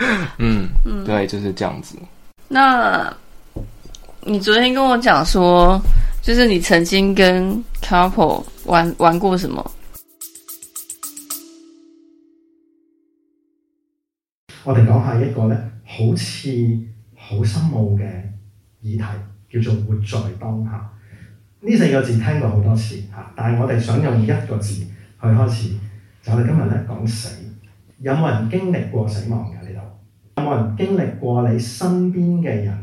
嗯，嗯，對，就是這樣子。那你昨天跟我講說，就是你曾經跟 Carpo 玩玩過什麼？ 我哋講下一個咧，好似好深奧嘅議題，叫做活在當下。呢、啊、四個字聽過好多次吓、啊，但係我哋想用一個字去開始。就我哋今日咧講死，有冇人經歷過死亡嘅？有冇人經歷過你身邊嘅人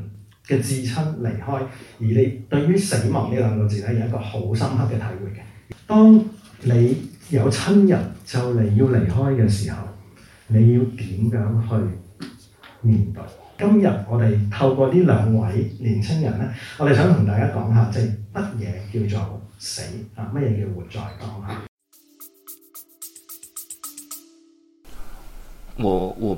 嘅至親離開？而你對於死亡呢兩個字咧，有一個好深刻嘅體會嘅。當你有親人就嚟要離開嘅時候，你要點樣去面對？今日我哋透過呢兩位年青人咧，我哋想同大家講下，即係乜嘢叫做死啊？乜嘢叫活在當下？我我。